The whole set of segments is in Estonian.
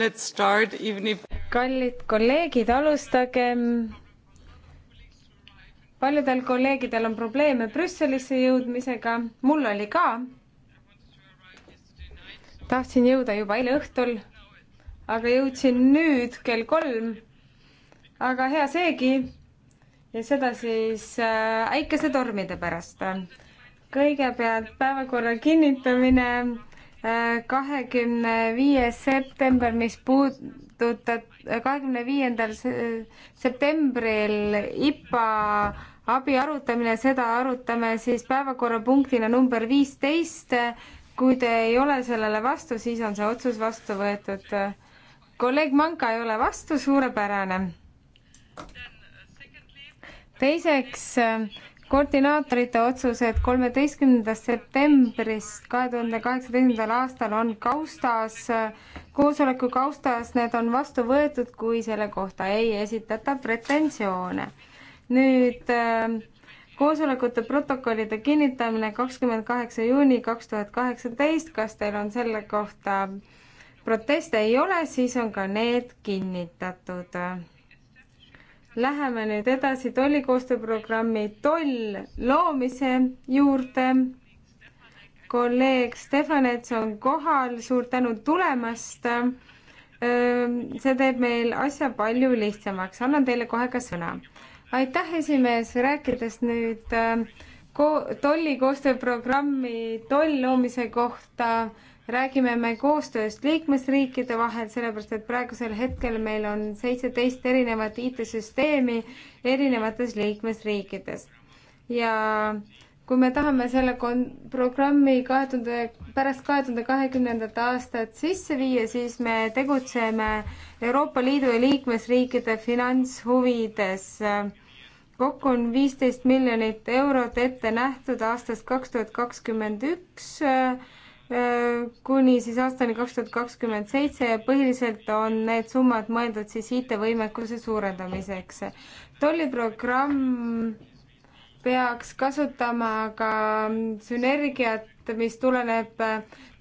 Let's start even if kallid kolleegid, alustagem. paljudel kolleegidel on probleeme Brüsselisse jõudmisega, mul oli ka. tahtsin jõuda juba eile õhtul, aga jõudsin nüüd kell kolm. aga hea seegi ja seda siis äh, äikesetormide pärast. kõigepealt päevakorra kinnitamine kahekümne viies september, mis puudutab, kahekümne viiendal septembril IPA abi arutamine, seda arutame siis päevakorrapunktina number viisteist. kui te ei ole sellele vastu, siis on see otsus vastu võetud. kolleeg Manka ei ole vastu, suurepärane. teiseks koordinaatorite otsused kolmeteistkümnendast septembrist kahe tuhande kaheksateistkümnendal aastal on kaustas, koosoleku kaustas, need on vastu võetud, kui selle kohta ei esitata pretensioone. nüüd äh, koosolekute protokollide kinnitamine kakskümmend kaheksa juuni kaks tuhat kaheksateist, kas teil on selle kohta proteste ei ole, siis on ka need kinnitatud Läheme nüüd edasi tollikoostööprogrammi Toll loomise juurde. kolleeg Stefanets on kohal, suur tänu tulemast. see teeb meil asja palju lihtsamaks, annan teile kohe ka sõna. aitäh, esimees, rääkides nüüd ko-, tolli koostööprogrammi toll loomise kohta räägime me koostööst liikmesriikide vahel, sellepärast et praegusel hetkel meil on seitseteist erinevat IT-süsteemi erinevates liikmesriikides. ja kui me tahame selle kon-, programmi kahe tuhande, pärast kahe tuhande kahekümnendat aastat sisse viia, siis me tegutseme Euroopa Liidu ja liikmesriikide finantshuvides. kokku on viisteist miljonit eurot ette nähtud aastast kaks tuhat kakskümmend üks kuni siis aastani kaks tuhat kakskümmend seitse ja põhiliselt on need summad mõeldud siis IT-võimekuse suurendamiseks. tolliprogramm peaks kasutama ka sünergiat, mis tuleneb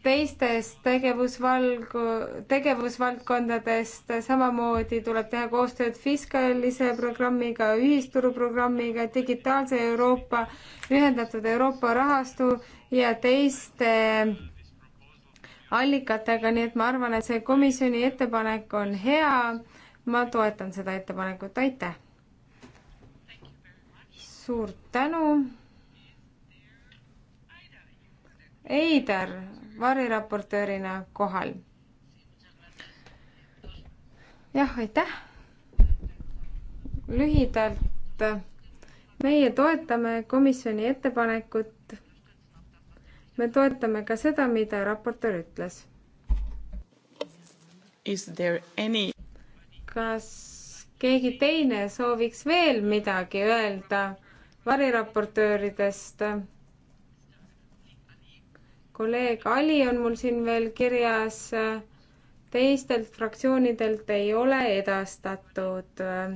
teistest tegevusvalgu, tegevusvaldkondadest, samamoodi tuleb teha koostööd fiskalise programmiga, ühisturuprogrammiga, digitaalse Euroopa, ühendatud Euroopa rahastu ja teiste allikatega, nii et ma arvan, et see komisjoni ettepanek on hea. ma toetan seda ettepanekut, aitäh. suur tänu. Eider variraportöörina kohal. jah, aitäh. lühidalt, meie toetame komisjoni ettepanekut me toetame ka seda, mida raportöör ütles. Is there any? kas keegi teine sooviks veel midagi öelda variraportööridest? kolleeg Ali on mul siin veel kirjas, teistelt fraktsioonidelt ei ole edastatud äh,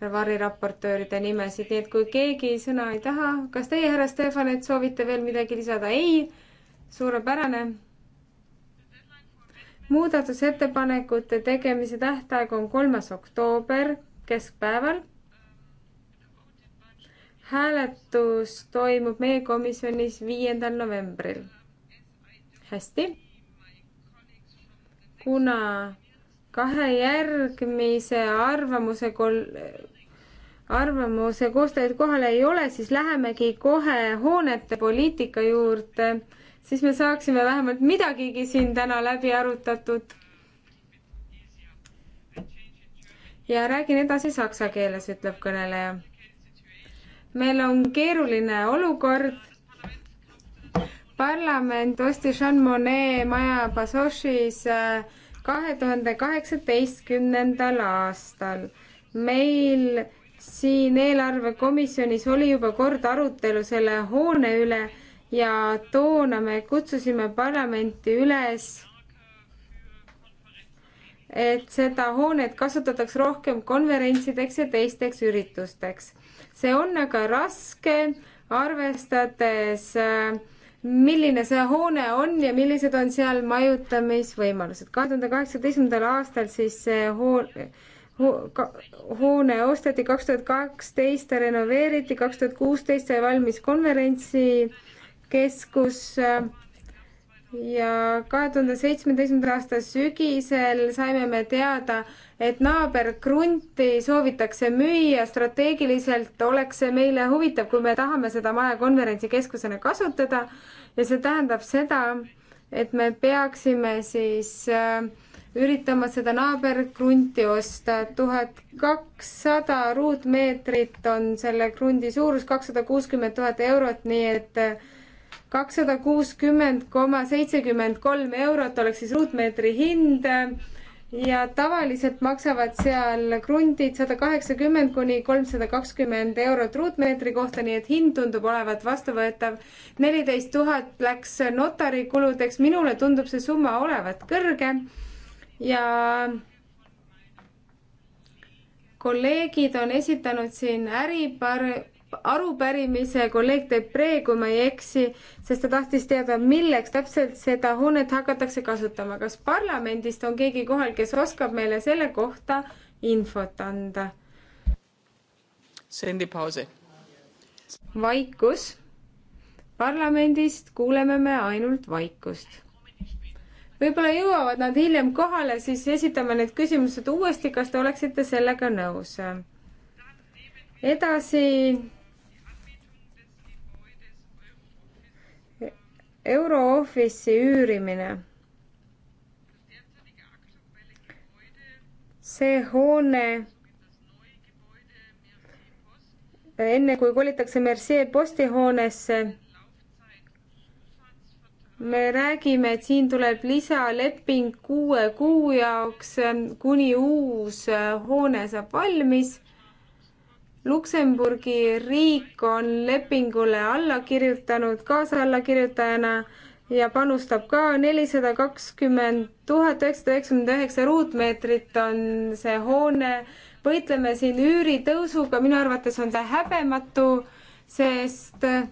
variraportööride nimesid, nii et kui keegi sõna ei taha, kas teie, härra Stefanet, soovite veel midagi lisada? ei, suurepärane. muudatusettepanekute tegemise tähtaeg on kolmas oktoober keskpäeval. hääletus toimub meie komisjonis viiendal novembril. hästi. kuna kahe järgmise arvamuse kol-, arvamuse koostajaid kohal ei ole, siis lähemegi kohe hoonete poliitika juurde, siis me saaksime vähemalt midagigi siin täna läbi arutatud. ja räägin edasi saksa keeles, ütleb kõneleja. meil on keeruline olukord parlament ostis Jean Monnet maja Basošis äh, kahe tuhande kaheksateistkümnendal aastal. meil siin eelarvekomisjonis oli juba kord arutelu selle hoone üle ja toona me kutsusime parlamenti üles, et seda hoonet kasutataks rohkem konverentsideks ja teisteks üritusteks. see on aga raske, arvestades äh, milline see hoone on ja millised on seal majutamisvõimalused. kahe tuhande kaheksateistkümnendal aastal siis see hoone ho ka, hoone osteti, kaks tuhat kaksteist ta renoveeriti, kaks tuhat kuusteist sai valmis konverentsikeskus äh, ja kahe tuhande seitsmeteistkümnenda aasta sügisel saime me teada, et naaber Krunti soovitakse müüa, strateegiliselt oleks see meile huvitav, kui me tahame seda maja konverentsikeskusena kasutada ja see tähendab seda, et me peaksime siis äh, üritama seda naaberkrunti osta, tuhat kakssada ruutmeetrit on selle krundi suurus, kakssada kuuskümmend tuhat eurot, nii et äh, kakssada kuuskümmend koma seitsekümmend kolm eurot oleks siis ruutmeetri hind ja tavaliselt maksavad seal krundid sada kaheksakümmend kuni kolmsada kakskümmend eurot ruutmeetri kohta, nii et hind tundub olevat vastuvõetav. neliteist tuhat läks notarikuludeks, minule tundub see summa olevat kõrge ja kolleegid on esitanud siin äripar-, arupärimise kolleeg Depree, kui ma ei eksi, sest ta tahtis teada, milleks täpselt seda hoonet hakatakse kasutama. kas parlamendist on keegi kohal, kes oskab meile selle kohta infot anda? sendi pausi. vaikus. parlamendist kuuleme me ainult vaikust võib-olla jõuavad nad hiljem kohale, siis esitame need küsimused uuesti, kas te oleksite sellega nõus? edasi Euroofice'i üürimine. see hoone enne kui kolitakse Mercier postihoonesse, me räägime, et siin tuleb lisaleping kuue kuu jaoks, kuni uus hoone saab valmis Luksemburgi riik on lepingule alla kirjutanud kaasallakirjutajana ja panustab ka nelisada kakskümmend tuhat üheksasada üheksakümmend üheksa ruutmeetrit on see hoone. võitleme siin üüritõusuga, minu arvates on see häbematu, sest äh,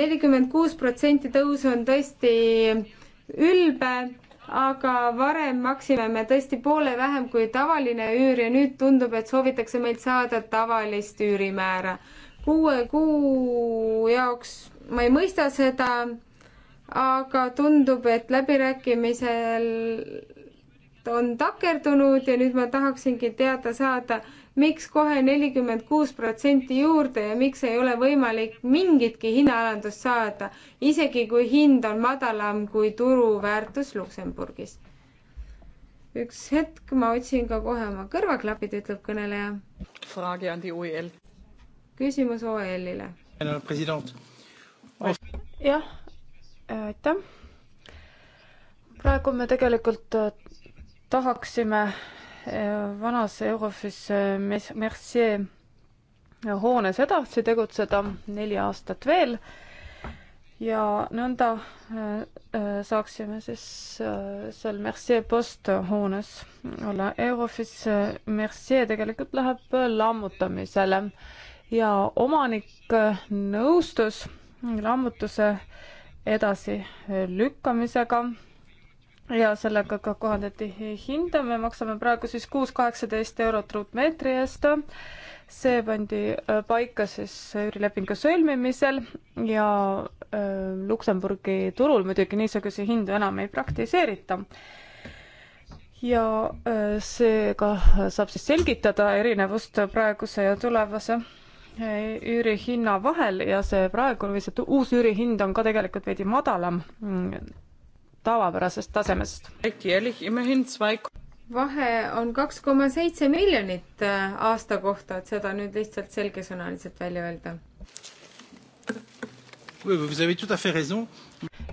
nelikümmend kuus protsenti tõusu on tõesti ülbe aga varem maksime me tõesti poole vähem kui tavaline üür ja nüüd tundub, et soovitakse meilt saada tavalist üürimäära. kuue kuu jaoks ma ei mõista seda, aga tundub, et läbirääkimisel on takerdunud ja nüüd ma tahaksingi teada saada, miks kohe nelikümmend kuus protsenti juurde ja miks ei ole võimalik mingitki hinnaalandust saada, isegi kui hind on madalam kui turuväärtus Luksemburgis? üks hetk, ma otsin ka kohe oma kõrvaklapid, ütleb kõneleja. E küsimus OEL-ile. jah, aitäh. praegu me tegelikult äh, tahaksime vanas Eurofis äh, Mercier hoones edasi tegutseda neli aastat veel ja nõnda äh, äh, saaksime siis seal Mercier Post hoones olla. Eurofis Mercier tegelikult läheb lammutamisele ja omanik nõustus lammutuse edasilükkamisega ja sellega ka kohandati hinda, me maksame praegu siis kuus kaheksateist eurot ruutmeetri eest. see pandi äh, paika siis üürilepingu sõlmimisel ja äh, Luksemburgi turul muidugi niisuguseid hindu enam ei praktiseerita ja äh, seega saab siis selgitada erinevust praeguse ja tulevase äh, üürihinna vahel ja see praegu või see uus üürihind on ka tegelikult veidi madalam mm, tavapärasest tasemest. vahe on kaks koma seitse miljonit äh, aasta kohta, et seda nüüd lihtsalt selgesõnaliselt välja öelda.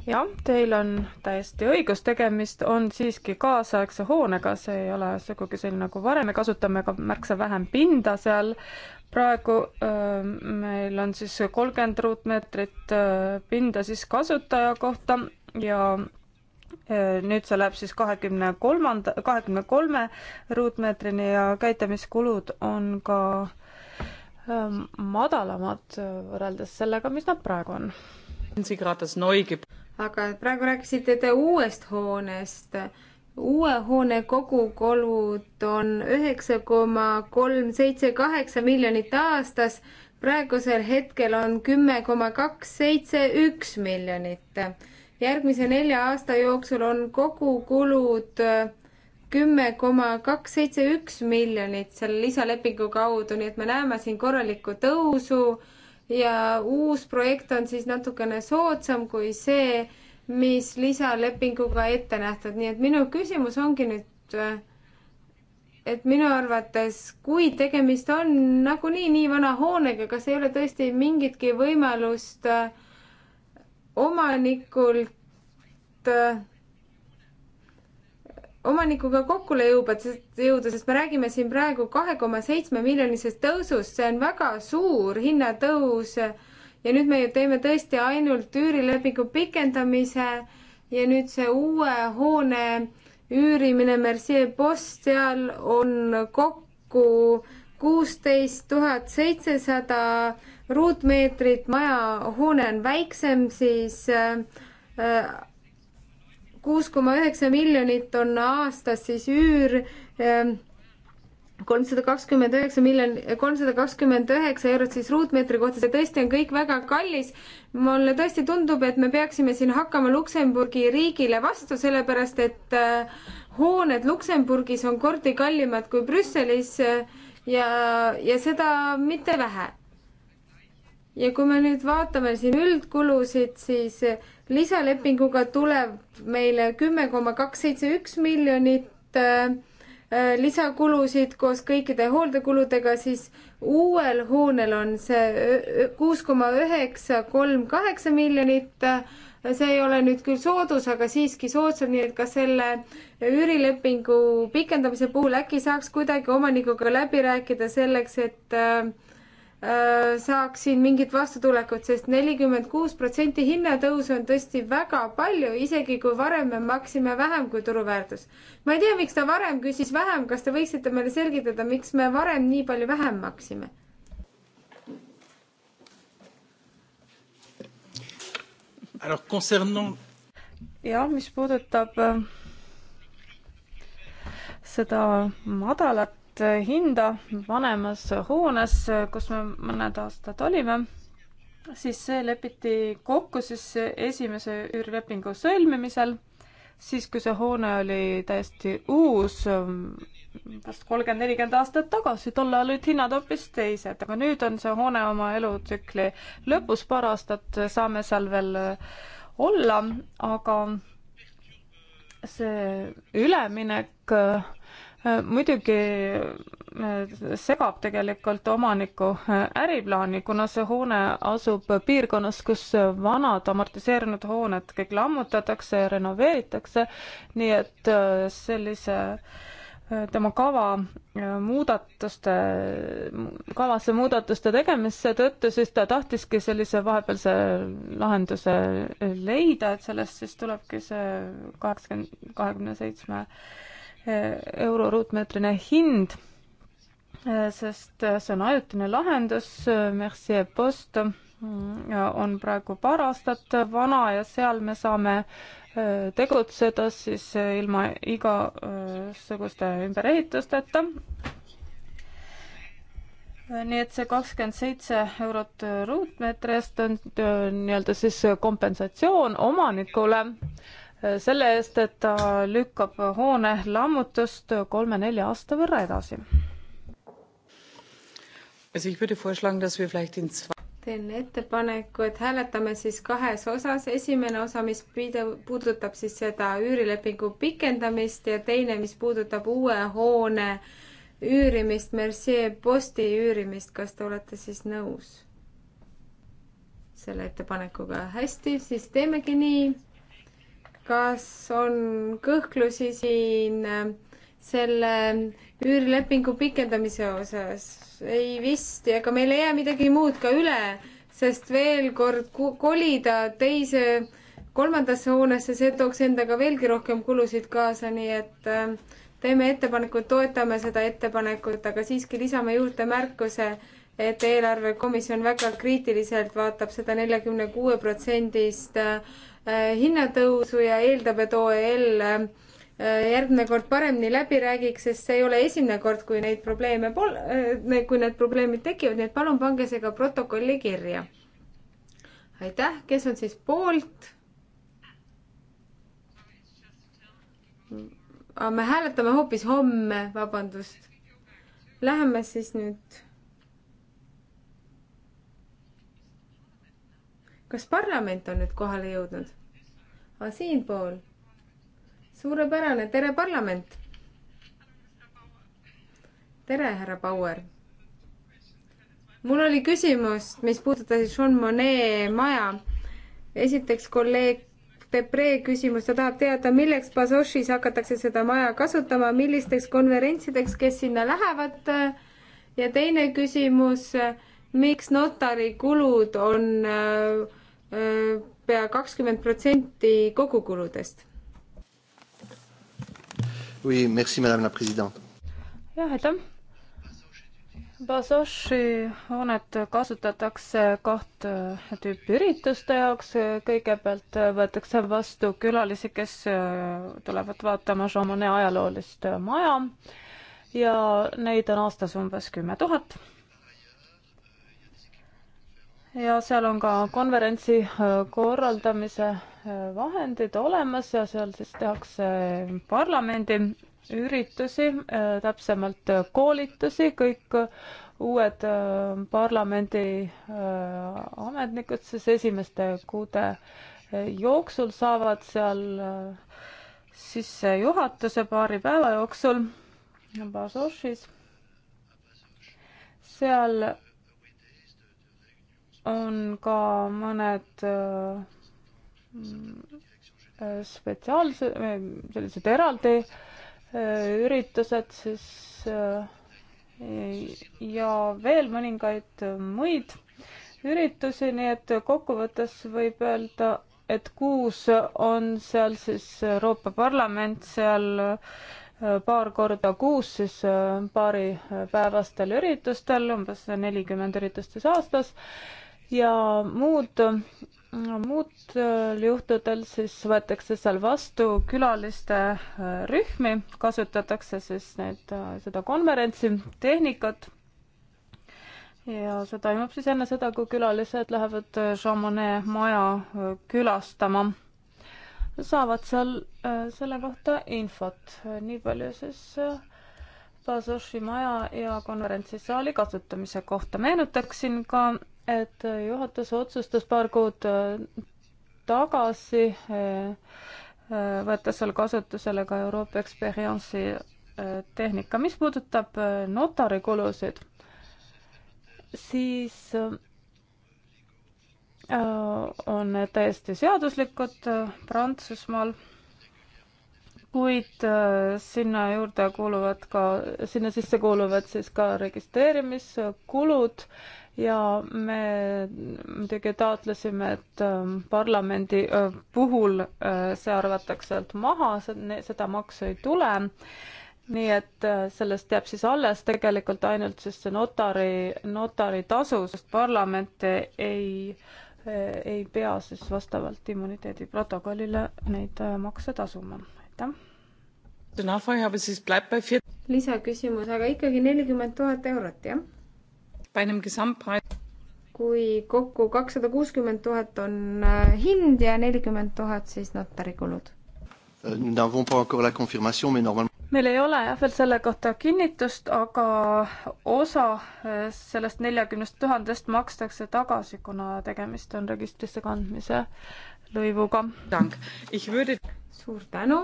jah, teil on täiesti õigus, tegemist on siiski kaasaegse hoonega, see ei ole sugugi selline nagu varem, me kasutame ka märksa vähem pinda seal, praegu öö, äh, meil on siis kolmkümmend ruutmeetrit äh, pinda siis kasutaja kohta ja Äh, nüüd see läheb siis kahekümne kolmanda, kahekümne kolme ruutmeetrini ja käitamiskulud on ka ähm, madalamad äh, võrreldes sellega, mis nad praegu on. aga praegu rääkisite te uuest hoonest. uue hoone kogukulud on üheksa koma kolm seitse kaheksa miljonit aastas. praegusel hetkel on kümme koma kaks seitse üks miljonit järgmise nelja aasta jooksul on kogukulud äh, kümme koma kaks seitse üks miljonit selle lisalepingu kaudu, nii et me näeme siin korralikku tõusu ja uus projekt on siis natukene soodsam kui see, mis lisalepinguga ette nähtud, nii et minu küsimus ongi nüüd, äh, et minu arvates, kui tegemist on nagunii nii vana hoonega, kas ei ole tõesti mingitki võimalust äh, omanikult äh, omanikuga kokkule jõuda, jõuda, sest me räägime siin praegu kahe koma seitsme miljonisest tõusust, see on väga suur hinnatõus. ja nüüd me ju teeme tõesti ainult üürilepingu pikendamise ja nüüd see uue hoone üürimine Mercier Post, seal on kokku kuusteist tuhat seitsesada ruutmeetrit, majahoone on väiksem, siis äh, kuus koma üheksa miljonit on aastas siis üür, äh, kolmsada kakskümmend üheksa miljon, kolmsada kakskümmend üheksa eurot siis ruutmeetri kohta, see tõesti on kõik väga kallis. mulle tõesti tundub, et me peaksime siin hakkama Luksemburgi riigile vastu, sellepärast et äh, hooned Luksemburgis on kordi kallimad kui Brüsselis ja, ja seda mitte vähe. ja kui me nüüd vaatame siin üldkulusid, siis lisalepinguga tuleb meile kümme koma kaks seitse üks miljonit äh, äh, lisakulusid koos kõikide hooldekuludega, siis uuel hoonel on see äh, kuus koma üheksa kolm kaheksa miljonit see ei ole nüüd küll soodus, aga siiski soodsam, nii et ka selle üürilepingu pikendamise puhul äkki saaks kuidagi omanikuga läbi rääkida selleks, et äh, äh saaksin mingit vastutulekut sest, sest nelikümmend kuus protsenti hinnatõusu on tõesti väga palju, isegi kui varem me maksime vähem kui turuväärtus. ma ei tea, miks ta varem küsis vähem, kas te võiksite meile selgitada, miks me varem nii palju vähem maksime? jah, mis puudutab äh, seda madalat hinda vanemas hoones, kus me mõned aastad olime, siis see lepiti kokku siis esimese üürilepingu sõlmimisel, siis kui see hoone oli täiesti uus vast kolmkümmend, nelikümmend aastat tagasi, tol ajal olid hinnad hoopis teised, aga nüüd on see hoone oma elutsükli lõpus, paar aastat saame seal veel äh, olla, aga see üleminek äh, muidugi äh, segab tegelikult omaniku äriplaani, kuna see hoone asub piirkonnas, kus vanad amortiseerunud hooned kõik lammutatakse ja renoveeritakse, nii et sellise äh, tema kava äh, muudatuste, kavasse muudatuste tegemise tõttu, siis ta tahtiski sellise vahepealse lahenduse leida, et sellest siis tulebki see kaheksakümmend, kahekümne seitsme äh, euro ruutmeetrine hind, äh, sest see on ajutine lahendus, Mercier Post Mm, on praegu paar aastat vana ja seal me saame äh, tegutseda siis ilma igasuguste ümberehitusteta. nii et see kakskümmend seitse eurot ruutmeetri eest on äh, nii-öelda siis kompensatsioon omanikule äh, selle eest, et ta lükkab hoone lammutust kolme-nelja aasta võrra edasi. Also ich würde vorschlagen, dass wir vielleicht in zwei teen ettepaneku, et hääletame siis kahes osas, esimene osa, mis pidev, puudutab siis seda üürilepingu pikendamist ja teine, mis puudutab uue hoone üürimist, Mercier posti üürimist, kas te olete siis nõus selle ettepanekuga? hästi, siis teemegi nii. kas on kõhklusi siin äh, selle üürilepingu pikendamise osas. ei vist, ega meil ei jää midagi muud ka üle, sest veel kord kolida teise, kolmandasse hoonesse, see tooks endaga veelgi rohkem kulusid kaasa, nii et ähm, teeme ettepaneku, toetame seda ettepanekut, aga siiski lisame juurde märkuse, et eelarvekomisjon väga kriitiliselt vaatab seda neljakümne kuue protsendist äh, äh, hinnatõusu ja eeldab, et OEL äh, Äh, järgmine kord paremini läbi räägiks, sest see ei ole esimene kord, kui neid probleeme pol-, äh, kui need probleemid tekivad, nii et palun pange see ka protokolli kirja. aitäh, kes on siis poolt? me hääletame hoopis homme, vabandust. Läheme siis nüüd. kas parlament on nüüd kohale jõudnud? siinpool suurepärane, tere parlament! tere, härra Bauer! mul oli küsimus, mis puudutas Jean Monnet maja. esiteks kolleeg Debre küsimus, ta tahab teada, milleks Basošis hakatakse seda maja kasutama, millisteks konverentsideks, kes sinna lähevad. ja teine küsimus, miks notarikulud on öö, äh, äh, pea kakskümmend protsenti kogukuludest? Oui, merci, madame la president. jah, aitäh. Basoši hoonet kasutatakse kaht tüüpi ürituste jaoks. kõigepealt võetakse vastu külalisi, kes tulevad vaatama Šamone ajaloolist maja ja neid on aastas umbes kümme tuhat ja seal on ka konverentsi äh, korraldamise äh, vahendid olemas ja seal siis tehakse äh, parlamendi üritusi, täpsemalt koolitusi, kõik uued parlamendi ametnikud siis esimeste kuude jooksul saavad seal sissejuhatuse paari päeva jooksul Basošis. seal on ka mõned äh, spetsiaalse, sellised eraldi äh, üritused siis äh, ja veel mõningaid muid üritusi, nii et kokkuvõttes võib öelda, et kuus on seal siis Euroopa Parlament seal paar korda kuus siis paaripäevastel üritustel, umbes nelikümmend üritust siis aastas ja muud, muudel juhtudel siis võetakse seal vastu külaliste äh, rühmi, kasutatakse siis need, äh, seda konverentsi tehnikat ja see toimub siis enne seda, kui külalised lähevad äh, Chamonix maja külastama. saavad seal selle kohta infot, nii palju siis Bazoši maja ja konverentsisaali kasutamise kohta. meenutaksin ka et juhatus otsustas paar kuud äh, tagasi, äh, äh, võttes seal kasutusele ka Euroopa Experience'i tehnika. mis puudutab notarikulusid, siis on täiesti seaduslikud Prantsusmaal kuid äh, sinna juurde kuuluvad ka, sinna sisse kuuluvad siis ka registreerimiskulud ja me muidugi taotlesime, et ähm, parlamendi äh, puhul äh, see arvatakse sealt maha, seda maksu ei tule. nii et sellest jääb siis alles tegelikult ainult siis see notari, notaritasu, sest parlament ei ei pea siis vastavalt immuniteedi protokollile neid makse tasuma aitäh! lisaküsimus, aga ikkagi nelikümmend tuhat eurot, jah? kui kokku kakssada kuuskümmend tuhat on äh, hind ja nelikümmend tuhat siis notarikulud. Äh, meil ei ole jah veel selle kohta kinnitust, aga osa äh, sellest neljakümnest tuhandest makstakse tagasi, kuna tegemist on registrisse kandmise lõivuga. suur tänu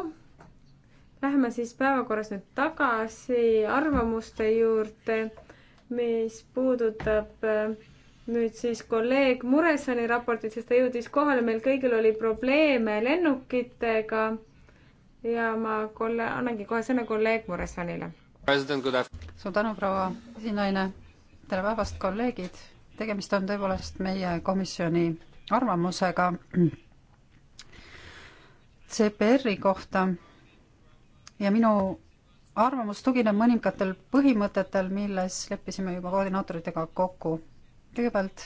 Läheme siis päevakorras nüüd tagasi arvamuste juurde, mis puudutab äh, nüüd siis kolleeg Muresani raportit, sest ta jõudis kohale, meil kõigil oli probleeme lennukitega. ja ma kolle-, annangi kohe sõna kolleeg Muresanile. suur tänu, proua esinaine. tere päevast, kolleegid. tegemist on tõepoolest meie komisjoni arvamusega CPR-i kohta ja minu arvamus tugineb mõningatel põhimõtetel, milles leppisime juba koordinaatoritega kokku. kõigepealt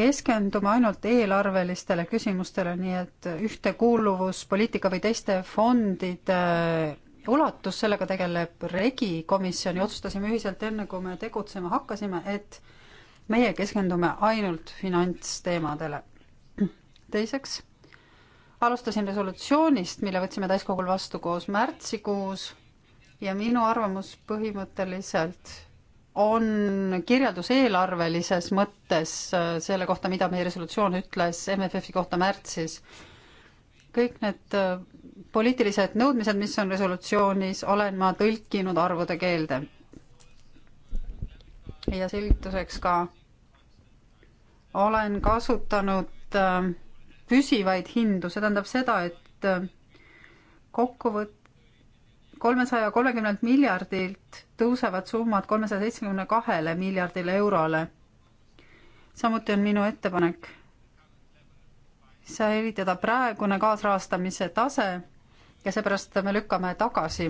keskendume ainult eelarvelistele küsimustele, nii et ühtekuuluvuspoliitika või teiste fondide ulatus, sellega tegeleb regi komisjon ja otsustasime ühiselt enne, kui me tegutsema hakkasime, et meie keskendume ainult finantsteemadele. teiseks alustasin resolutsioonist, mille võtsime täiskogul vastu koos märtsikuus ja minu arvamus põhimõtteliselt on kirjeldus eelarvelises mõttes äh, selle kohta, mida meie resolutsioon ütles MFF-i kohta märtsis. kõik need äh, poliitilised nõudmised, mis on resolutsioonis, olen ma tõlkinud arvude keelde. ja selgituseks ka olen kasutanud äh, püsivaid hindu, see tähendab seda, et äh, kokkuvõtt-, kolmesaja kolmekümnelt miljardilt tõusevad summad kolmesaja seitsmekümne kahele miljardile eurole. samuti on minu ettepanek säilitada praegune kaasrahastamise tase ja seepärast me lükkame tagasi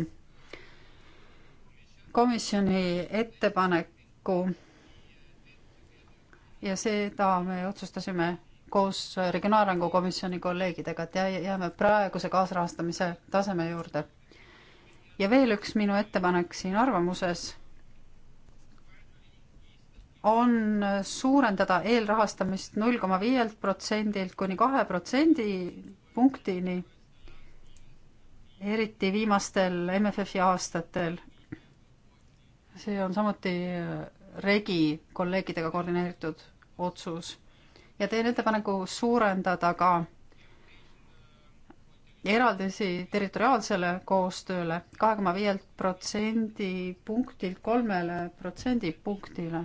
komisjoni ettepaneku ja seda me otsustasime koos Regionaalarengu Komisjoni kolleegidega, et jääme praeguse kaasrahastamise taseme juurde. ja veel üks minu ettepanek siin arvamuses on suurendada eelrahastamist null koma viielt protsendilt kuni kahe protsendi punktini, eriti viimastel MFF-i aastatel. see on samuti regi kolleegidega koordineeritud otsus ja teen ettepaneku suurendada ka eraldisi territoriaalsele koostööle kahe koma viielt protsendipunktilt kolmele protsendipunktile,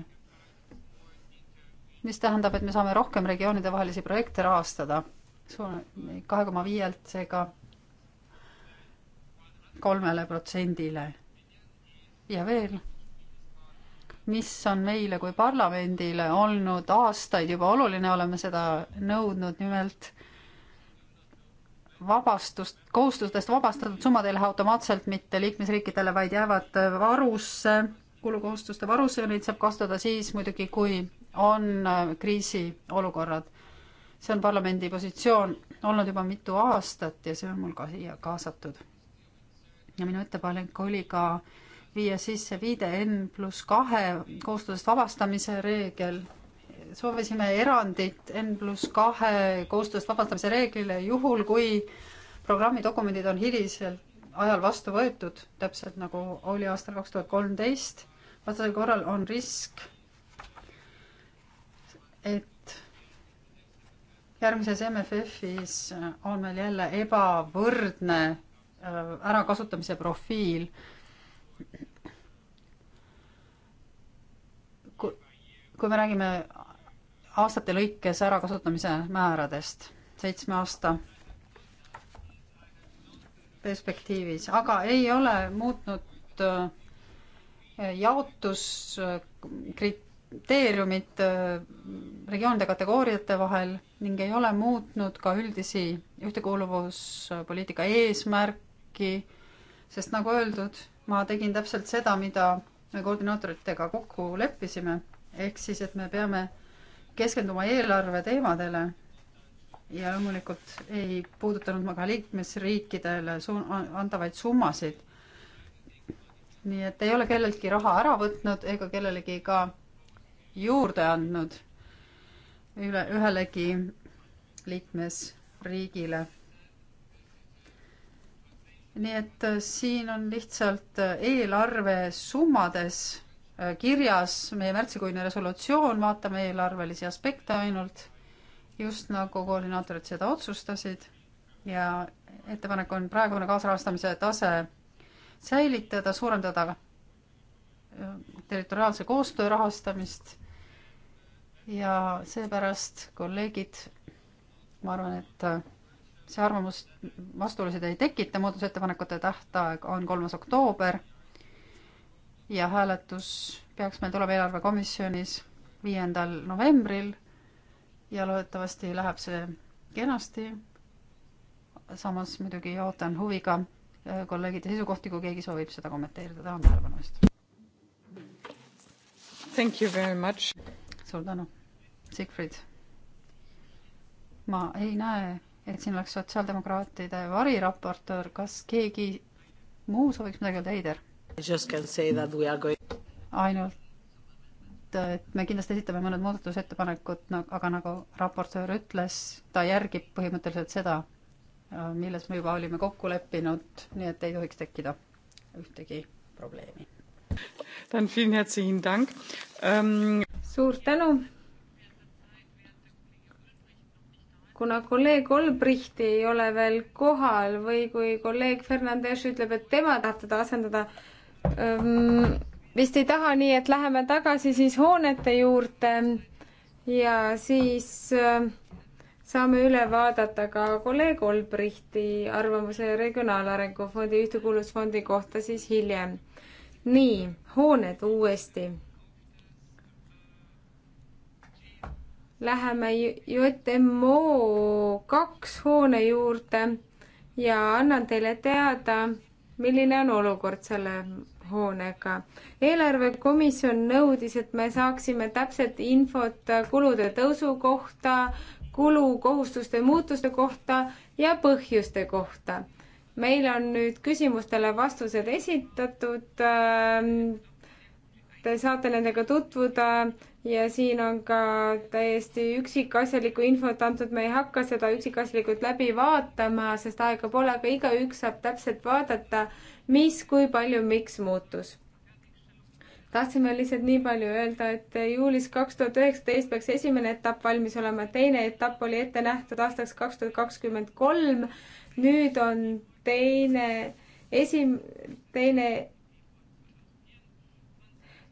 mis tähendab, et me saame rohkem regioonidevahelisi projekte rahastada kahe koma viielt seega kolmele protsendile. ja veel mis on meile kui parlamendile olnud aastaid juba oluline, oleme seda nõudnud nimelt vabastust, kohustustest vabastatud summad ei lähe automaatselt mitte liikmesriikidele, vaid jäävad varusse, kulukohustuste varusse ja neid saab kasutada siis muidugi, kui on kriisiolukorrad. see on parlamendi positsioon olnud juba mitu aastat ja see on mul ka siia kaasatud. ja minu ettepanek oli ka äh, viia sisse viide N pluss kahe kohustusest vabastamise reegel. soovisime erandit N pluss kahe kohustusest vabastamise reeglile juhul, kui programmi dokumendid on hilisel ajal vastu võetud, täpselt nagu oli aastal kaks tuhat kolmteist. vastasel korral on risk, et järgmises MFF-is on meil jälle ebavõrdne äh, ärakasutamise profiil kui me räägime aastate lõikes ärakasutamise määradest seitsme aasta perspektiivis, aga ei ole muutnud äh, jaotuskriteeriumid äh, regioonide kategooriate vahel ning ei ole muutnud ka üldisi ühtekuuluvuspoliitika eesmärki, sest nagu öeldud, ma tegin täpselt seda, mida me koordinaatoritega kokku leppisime ehk siis, et me peame keskenduma eelarve teemadele ja loomulikult ei puudutanud ma ka liikmesriikidele suun-, antavaid summasid. nii et ei ole kelleltki raha ära võtnud ega kellelegi ka juurde andnud üle, ühelegi liikmesriigile. nii et äh, siin on lihtsalt äh, eelarve summades Äh, kirjas meie märtsikuine resolutsioon, vaatame eelarvelisi aspekte ainult, just nagu koordinaatorid seda otsustasid ja ettepanek on praegune kaasrahastamise tase säilitada, suurendada äh, territoriaalse koostöö rahastamist ja seepärast kolleegid, ma arvan, et äh, see arvamus vastuolusid ei tekita, muudatusettepanekute tähtaeg on kolmas oktoober ja hääletus peaks meil tulema eelarvekomisjonis viiendal novembril ja loodetavasti läheb see kenasti. samas muidugi ootan huviga äh, kolleegide seisukohti, kui keegi soovib seda kommenteerida, tänan tähelepanu eest. Thank you very much. suur tänu. Siegfried, ma ei näe, et siin oleks sotsiaaldemokraatide variraportöör, kas keegi muu sooviks midagi öelda, Heider? ainult, et me kindlasti esitame mõned muudatusettepanekud, aga nagu raportöör ütles, ta järgib põhimõtteliselt seda, milles me juba olime kokku leppinud, nii et ei tohiks tekkida ühtegi probleemi. Ähm, suur tänu kuna kolleeg Olbrichti ei ole veel kohal või kui kolleeg Fernandes ütleb, et tema tahab teda asendada, vist ei taha, nii et läheme tagasi siis hoonete juurde ja siis saame üle vaadata ka kolleeg Olbrichti arvamuse Regionaalarengu Fondi Ühtekuuluvusfondi kohta siis hiljem. nii, hooned uuesti. Läheme JMO kaks hoone juurde ja annan teile teada, milline on olukord selle hoonega. eelarvekomisjon nõudis, et me saaksime täpset infot kulude tõusu kohta, kulukohustuste muutuste kohta ja põhjuste kohta. meil on nüüd küsimustele vastused esitatud. Ähm, Te saate nendega tutvuda ja siin on ka täiesti üksikasjalikku infot antud, me ei hakka seda üksikasjalikult läbi vaatama, sest aega pole, aga igaüks saab täpselt vaadata, mis, kui palju, miks muutus tahtsime lihtsalt nii palju öelda, et juulis kaks tuhat üheksateist peaks esimene etapp valmis olema, teine etapp oli ette nähtud aastaks kaks tuhat kakskümmend kolm. nüüd on teine, esim-, teine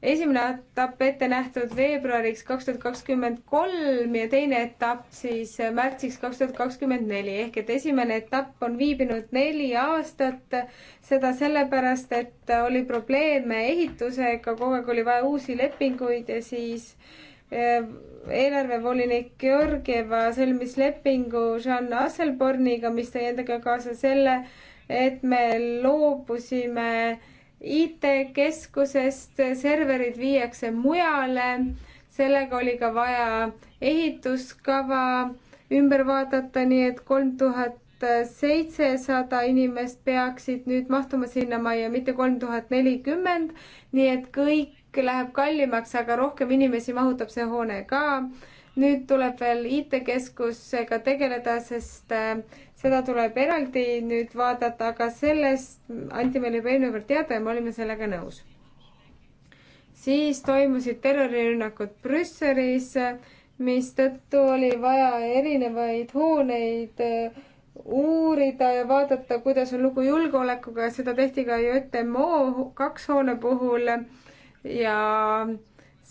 esimene etapp ette nähtud veebruariks kaks tuhat kakskümmend kolm ja teine etapp siis märtsiks kaks tuhat kakskümmend neli ehk et esimene etapp on viibinud neli aastat. seda sellepärast, et oli probleeme ehitusega, kogu aeg oli vaja uusi lepinguid ja siis eh, eelarvevolinik Georgieva sõlmis lepingu Jean Asselborniga, mis tõi endaga kaasa selle, et me loobusime äh, IT-keskusest serverid viiakse mujale, sellega oli ka vaja ehituskava ümber vaadata, nii et kolm tuhat seitsesada inimest peaksid nüüd mahtuma sinna majja, mitte kolm tuhat nelikümmend. nii et kõik läheb kallimaks, aga rohkem inimesi mahutab see hoone ka. nüüd tuleb veel IT-keskusega tegeleda, sest seda tuleb eraldi nüüd vaadata, aga sellest anti meile juba eelmine kord teada ja me olime sellega nõus. siis toimusid terrorirünnakud Brüsselis, mistõttu oli vaja erinevaid hooneid äh, uurida ja vaadata, kuidas on lugu julgeolekuga, seda tehti ka JMO kaks hoone puhul ja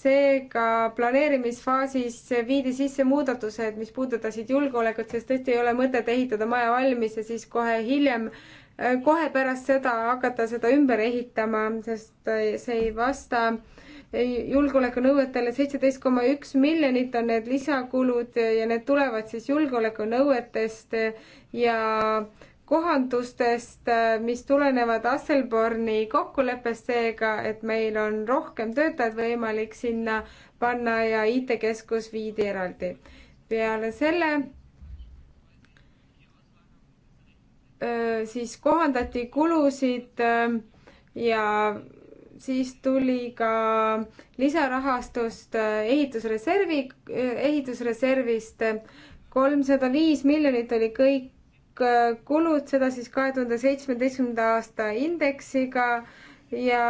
seega planeerimisfaasis viidi sisse muudatused, mis puudutasid julgeolekut, sest tõesti ei ole mõtet ehitada maja valmis ja siis kohe hiljem, kohe pärast seda hakata seda ümber ehitama, sest see ei vasta julgeolekunõuetele. seitseteist koma üks miljonit on need lisakulud ja need tulevad siis julgeolekunõuetest ja äh, kohandustest, mis tulenevad Asselborni kokkuleppest, seega et meil on rohkem töötajaid võimalik sinna panna ja IT-keskus viidi eraldi. peale selle siis kohandati kulusid ja siis tuli ka lisarahastust ehitusreservi, ehitusreservist. kolmsada viis miljonit oli kõik kulud, seda siis kahe tuhande seitsmeteistkümnenda aasta indeksiga ja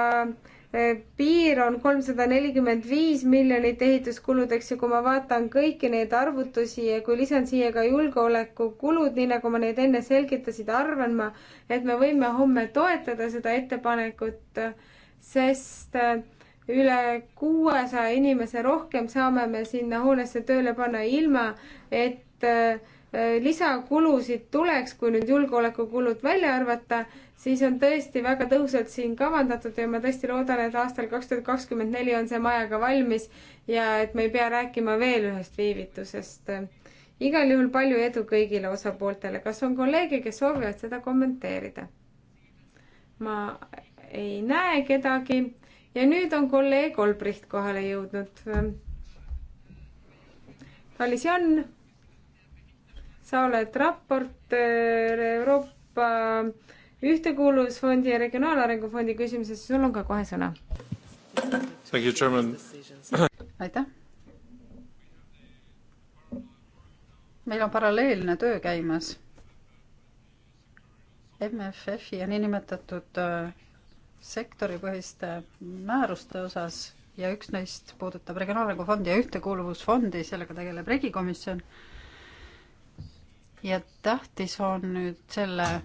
eh, piir on kolmsada nelikümmend viis miljonit ehituskuludeks ja kui ma vaatan kõiki neid arvutusi ja kui lisan siia ka julgeolekukulud, nii nagu ma neid enne selgitasin, arvan ma, et me võime homme toetada seda ettepanekut, sest eh, üle kuuesaja inimese rohkem saame me sinna hoonesse tööle panna ilma, et äh, Äh, lisakulusid tuleks, kui nüüd julgeolekukulud välja arvata, siis on tõesti väga tõhusalt siin kavandatud ja ma tõesti loodan, et aastal kaks tuhat kakskümmend neli on see maja ka valmis ja et me ei pea rääkima veel ühest viivitusest. igal juhul palju edu kõigile osapooltele. kas on kolleege, kes soovivad seda kommenteerida? ma ei näe kedagi ja nüüd on kolleeg Olbricht kohale jõudnud. kallis Jan sa oled raportöör Euroopa Ühtekuuluvusfondi ja Regionaalarengu Fondi küsimuses, sul on ka kohe sõna. aitäh. meil on paralleelne töö käimas MFF-i ja niinimetatud äh, sektoripõhiste määruste osas ja üks neist puudutab Regionaalarengu Fondi ja Ühtekuuluvusfondi, sellega tegeleb Regikomisjon ja tähtis on nüüd selle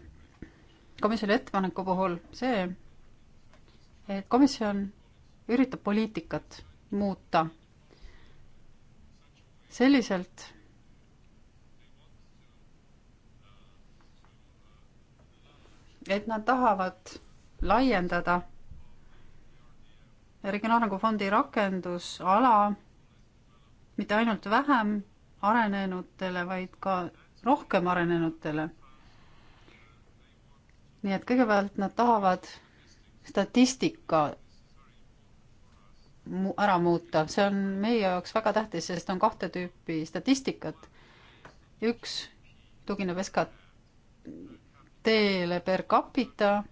komisjoni ettepaneku puhul see, et komisjon üritab poliitikat muuta selliselt, et nad tahavad laiendada Regionaalarengu Fondi rakendusala mitte ainult vähem arenenutele, vaid ka rohkem arenenutele. nii et kõigepealt nad tahavad statistika ära muuta, see on meie jaoks väga tähtis, sest on kahte tüüpi statistikat. üks tugineb SKT-le per capita,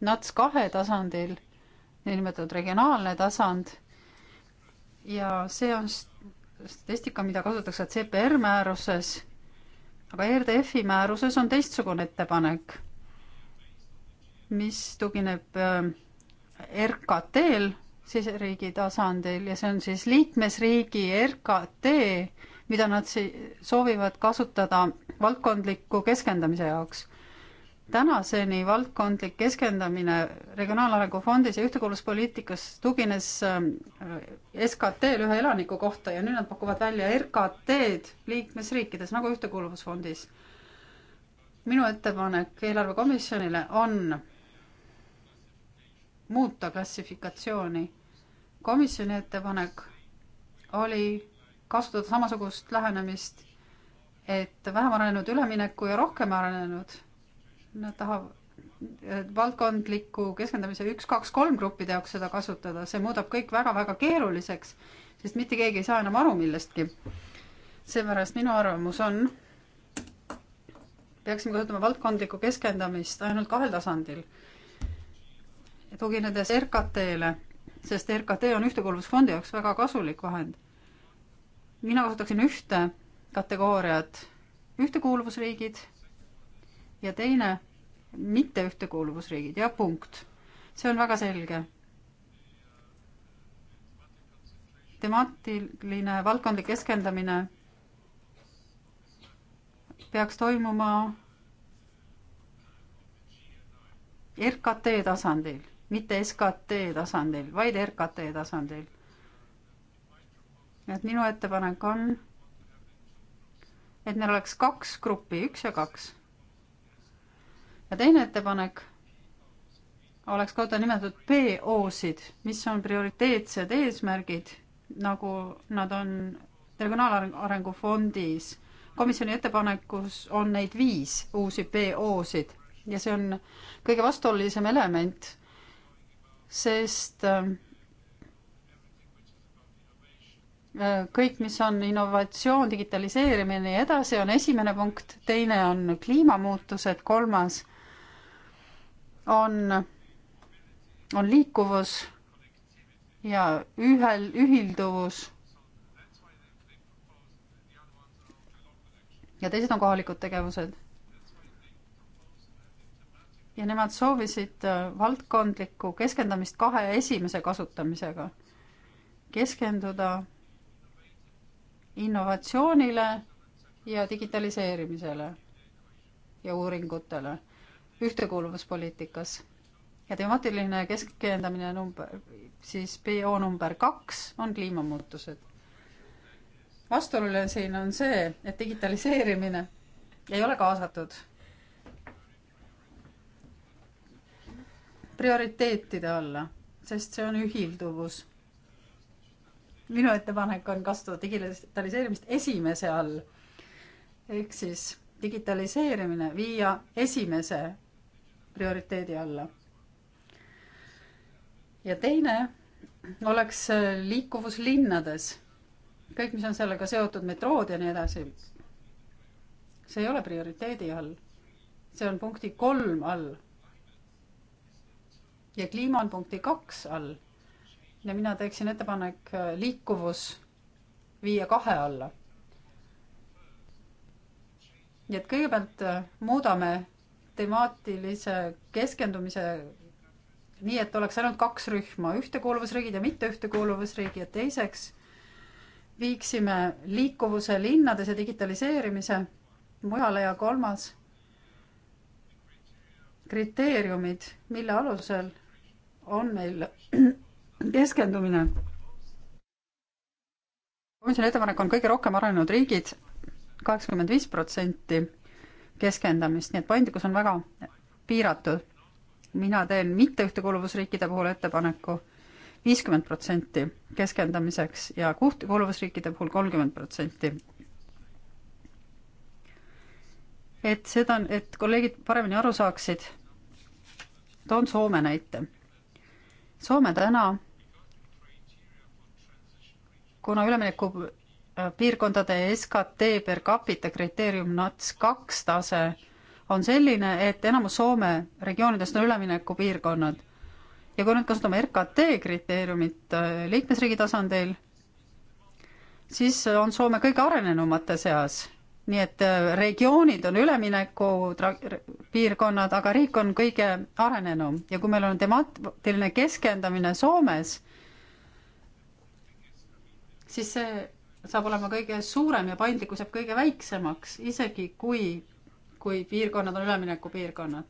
NATS kahe tasandil, niinimetatud regionaalne tasand ja see on statistika, mida kasutatakse CPR määruses aga RDF-i määruses on teistsugune ettepanek, mis tugineb äh, RKT-l, siseriigi tasandil ja see on siis liikmesriigi RKT, mida nad si-, soovivad kasutada valdkondliku keskendamise jaoks tänaseni valdkondlik keskendamine Regionaalarengu fondis ja ühtekuuluvuspoliitikas tugines äh, SKT-l ühe elaniku kohta ja nüüd nad pakuvad välja RKT-d liikmesriikides nagu Ühtekuuluvusfondis. minu ettepanek eelarvekomisjonile on muuta klassifikatsiooni. komisjoni ettepanek oli kasutada samasugust lähenemist, et vähem arenenud ülemineku ja rohkem arenenud Nad tahavad valdkondliku keskendamise üks, kaks, kolm gruppide jaoks seda kasutada, see muudab kõik väga-väga keeruliseks, sest mitte keegi ei saa enam aru millestki. seepärast minu arvamus on, peaksime kasutama valdkondlikku keskendamist ainult kahel tasandil. tuginedes RKT-le, sest RKT on Ühtekuuluvusfondi jaoks väga kasulik vahend. mina kasutaksin ühte kategooriat, ühtekuuluvusriigid ja teine mitte ühtekuuluvusriigid ja punkt. see on väga selge. temaatiline valdkondlik keskendamine peaks toimuma RKT tasandil, mitte SKT tasandil, vaid RKT tasandil. et minu ettepanek on, et meil oleks kaks gruppi, üks ja kaks ja teine ettepanek oleks kaudu nimetatud PO-sid, mis on prioriteetsed eesmärgid, nagu nad on Regionaalarengu Fondis. komisjoni ettepanekus on neid viis uusi PO-sid ja see on kõige vastuolulisem element, sest äh, kõik, mis on innovatsioon, digitaliseerimine ja nii edasi, on esimene punkt, teine on kliimamuutused, kolmas on, on liikuvus ja ühel, ühilduvus. ja teised on kohalikud tegevused. ja nemad soovisid äh, valdkondlikku keskendamist kahe esimese kasutamisega. keskenduda innovatsioonile ja digitaliseerimisele ja uuringutele ühtekuuluvuspoliitikas. ja temaatiline keskendamine number, siis PO number kaks on kliimamuutused. vastuoluline siin on see, et digitaliseerimine ei ole kaasatud prioriteetide alla, sest see on ühilduvus. minu ettepanek on kasutada digitaliseerimist esimese all ehk siis digitaliseerimine viia esimese prioriteedi alla. ja teine oleks äh, liikuvus linnades, kõik, mis on sellega seotud, metrood ja nii edasi. see ei ole prioriteedi all, see on punkti kolm all. ja kliima on punkti kaks all. ja mina teeksin ettepanek äh, liikuvus viia kahe alla. nii et kõigepealt äh, muudame temaatilise keskendumise nii, et oleks ainult kaks rühma, ühtekuuluvusriigid ja mitte ühtekuuluvusriigi ja teiseks viiksime liikuvuse linnades ja digitaliseerimise mujale ja kolmas kriteeriumid, mille alusel on meil keskendumine. komisjoni ettepanek on kõige rohkem arenenud riigid, kaheksakümmend viis protsenti keskendamist, nii et paindlikkus on väga piiratud. mina teen mitteühtekuuluvusriikide puhul ettepaneku viiskümmend protsenti keskendamiseks ja kuhtekuuluvusriikide puhul kolmkümmend protsenti. et seda, et kolleegid paremini aru saaksid, toon Soome näite. Soome täna kuna ülemineku piirkondade SKT per capita kriteerium NATS kaks tase on selline, et enamus Soome regioonidest on üleminekupiirkonnad. ja kui nüüd kasutame RKT kriteeriumit äh, liikmesriigi tasandil, siis on Soome kõige arenenumate seas. nii et äh, regioonid on ülemineku piirkonnad, aga riik on kõige arenenum ja kui meil on temaatiline keskendamine Soomes, siis see saab olema kõige suurem ja paindlikkus jääb kõige väiksemaks, isegi kui, kui piirkonnad on üleminekupiirkonnad.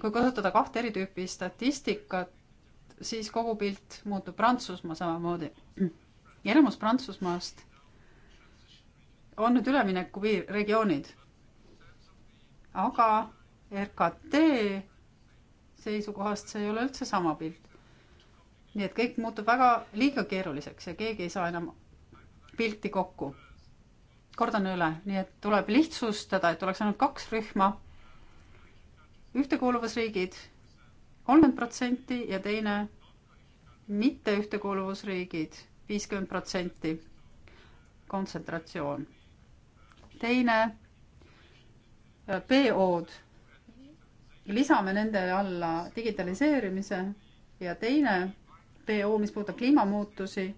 kui kasutada kahte eri tüüpi statistikat, siis kogu pilt muutub Prantsusmaa samamoodi. ja enamus Prantsusmaast on nüüd üleminekupiir, regioonid. aga RKT seisukohast see ei ole üldse sama pilt. nii et kõik muutub väga liiga keeruliseks ja keegi ei saa enam pilti kokku. kordan üle, nii et tuleb lihtsustada, et oleks ainult kaks rühma. ühtekuuluvusriigid kolmkümmend protsenti ja teine mitte ühtekuuluvusriigid viiskümmend protsenti kontsentratsioon. teine PO-d, lisame nende alla digitaliseerimise ja teine PO, mis puudutab kliimamuutusi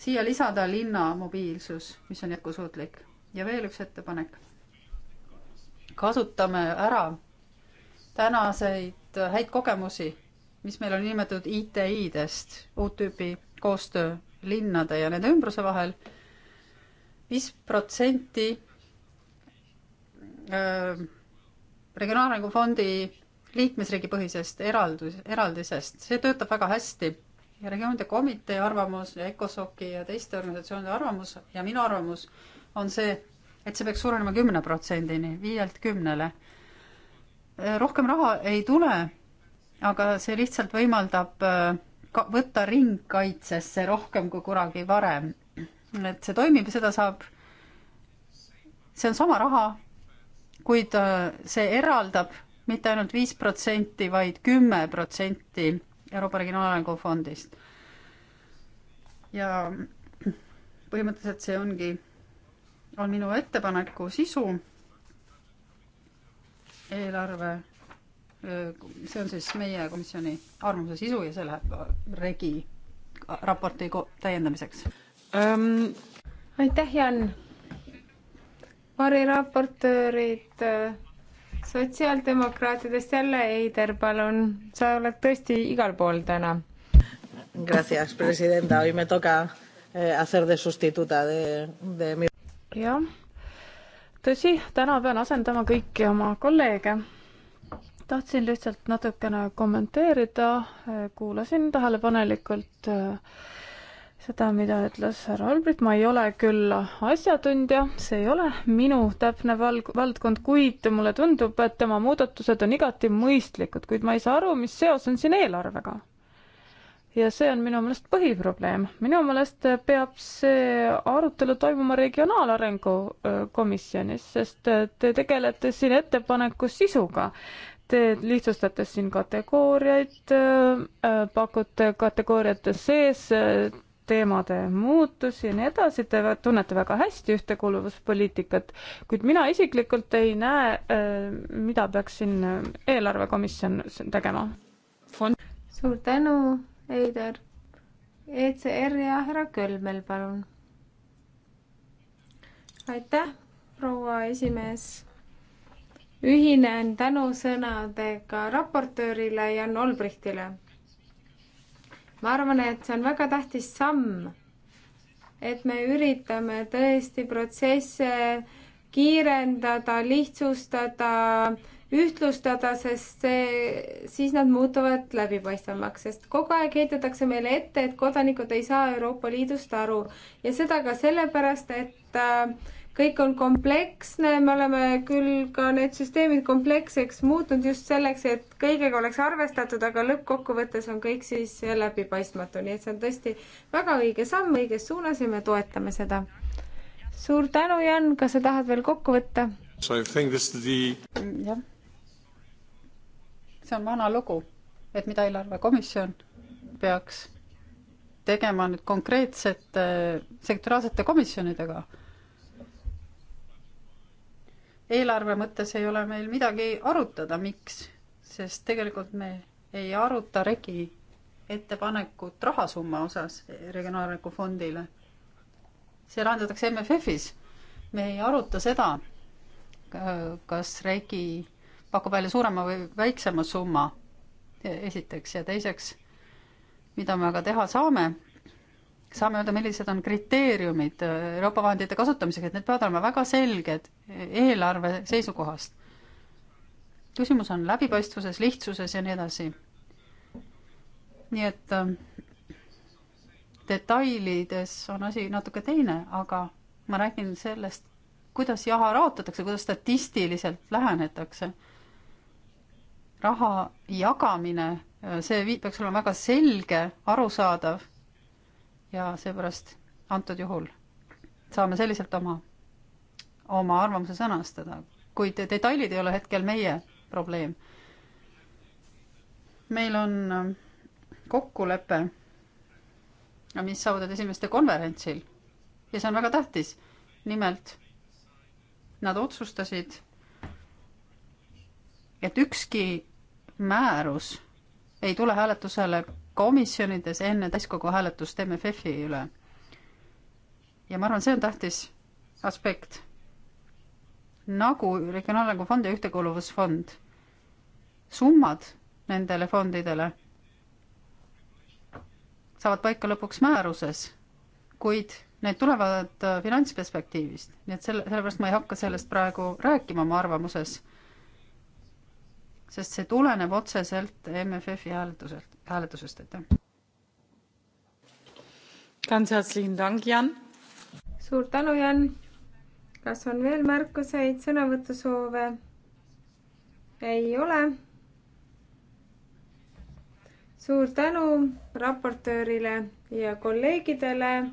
siia lisada linna mobiilsus, mis on jätkusuutlik. ja veel üks ettepanek. kasutame ära tänaseid häid kogemusi, mis meil on nimetatud ITI-dest, uut tüüpi koostöö linnade ja nende ümbruse vahel. viis protsenti regionaalarengu fondi liikmesriigi põhisest eraldus, eraldisest, see töötab väga hästi ja regioonide komitee arvamus ja ECOSOC-i ja teiste organisatsioonide arvamus ja minu arvamus on see, et see peaks suurenema kümne protsendini, viielt kümnele. rohkem raha ei tule, aga see lihtsalt võimaldab äh, ka võtta ringkaitsesse rohkem kui kunagi varem. et see toimib ja seda saab, see on sama raha, kuid äh, see eraldab mitte ainult viis protsenti, vaid kümme protsenti Euroopa Regionaalarengu Fondist. ja põhimõtteliselt see ongi, on minu ettepaneku sisu. eelarve, see on siis meie komisjoni arvamuse sisu ja see läheb regi raporti täiendamiseks ähm.. aitäh, Jan. variraportöörid äh, sotsiaaldemokraatidest jälle Eider, palun, sa oled tõesti igal pool täna. Gracias, presidenta, hoy me toca eh, hacer de sustituta de, de mi. jah, tõsi, täna pean asendama kõiki oma kolleege. tahtsin lihtsalt natukene kommenteerida, eh, kuulasin tähelepanelikult äh, seda, mida ütles härra Albrit, ma ei ole küll asjatundja, see ei ole minu täpne valg-, valdkond, kuid mulle tundub, et tema muudatused on igati mõistlikud, kuid ma ei saa aru, mis seos on siin eelarvega. ja see on minu meelest põhiprobleem. minu meelest peab see arutelu toimuma Regionaalarengu komisjonis, sest te tegelete siin ettepaneku sisuga te lihtsustate siin kategooriaid, pakute kategooriate sees teemade muutusi ja nii edasi, te tunnete väga hästi ühtekuuluvuspoliitikat, kuid mina isiklikult ei näe, äh, mida peaks siin äh, eelarvekomisjon tegema. suur tänu, Heider. ECR ja härra Kölmel, palun. aitäh, proua esimees ühinen tänusõnadega raportöörile Jan Olbrichtile ma arvan, et see on väga tähtis samm, et me üritame tõesti protsesse kiirendada, lihtsustada, ühtlustada, sest see, siis nad muutuvad läbipaistvamaks, sest kogu aeg heidetakse meile ette, et kodanikud ei saa Euroopa Liidust aru ja seda ka sellepärast, et äh, kõik on kompleksne, me oleme küll ka need süsteemid kompleksseks muutnud just selleks, et kõigega oleks arvestatud, aga lõppkokkuvõttes on kõik siis läbipaistmatu, nii et see on tõesti väga õige samm õiges suunas ja me toetame seda. suur tänu, Jan, kas sa tahad veel kokku võtta? Mm, jah. see on vana lugu, et mida eelarvekomisjon peaks tegema nüüd konkreetsete sektoraalsete komisjonidega eelarve mõttes ei ole meil midagi arutada, miks? sest tegelikult me ei aruta regi ettepanekut rahasumma osas Regionaalarengu Fondile. see lahendatakse MFF-is. me ei aruta seda, kas regi pakub välja suurema või väiksema summa, esiteks, ja teiseks, mida me aga teha saame saame öelda, millised on kriteeriumid äh, Euroopa vahendite kasutamisega, et need peavad olema väga selged e-, eelarve seisukohast. küsimus on läbipaistvuses, lihtsuses ja nii edasi. nii et ähm, detailides on asi natuke teine, aga ma räägin sellest, kuidas jaha raotatakse, kuidas statistiliselt lähenetakse. raha jagamine, äh, see peaks olema väga selge, arusaadav ja seepärast antud juhul saame selliselt oma, oma arvamuse sõnastada, kuid detailid ei ole hetkel meie probleem. meil on ähm, kokkulepe, mis saavutati esimeste konverentsil ja see on väga tähtis. nimelt nad otsustasid, et ükski määrus ei tule hääletusele komisjonides enne täiskogu hääletust MFF-i üle. ja ma arvan, see on tähtis aspekt. nagu Regionaalarengu Fond ja Ühtekuuluvusfond, summad nendele fondidele saavad paika lõpuks määruses, kuid need tulevad finantsperspektiivist, nii et selle, sellepärast ma ei hakka sellest praegu rääkima oma arvamuses sest see tuleneb otseselt MFF-i hääletuselt, hääletusest, aitäh. Ganz herzlichen Dank, Jan. suur tänu, Jan. kas on veel märkuseid, sõnavõtusoove? ei ole. suur tänu raportöörile ja kolleegidele.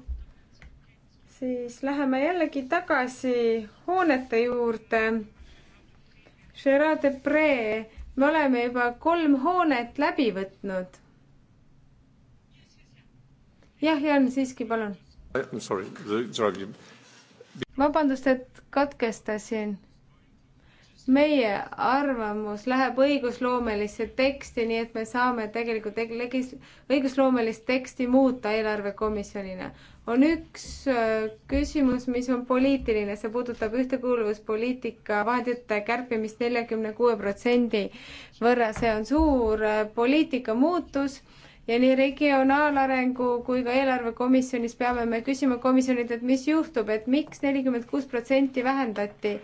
siis läheme jällegi tagasi hoonete juurde. Gerard Depree me oleme juba kolm hoonet läbi võtnud. jah, Jan, siiski, palun. vabandust, et katkestasin meie arvamus läheb õigusloomelisse teksti, nii et me saame tegelikult legis-, õigusloomelist teksti muuta eelarvekomisjonina. on üks äh, küsimus, mis on poliitiline, see puudutab ühtekuuluvuspoliitika vahendite kärpimist neljakümne kuue protsendi võrra, see on suur äh, poliitika muutus ja nii regionaalarengu kui ka eelarvekomisjonis peame me küsima komisjonilt, et mis juhtub, et miks nelikümmend kuus protsenti vähendati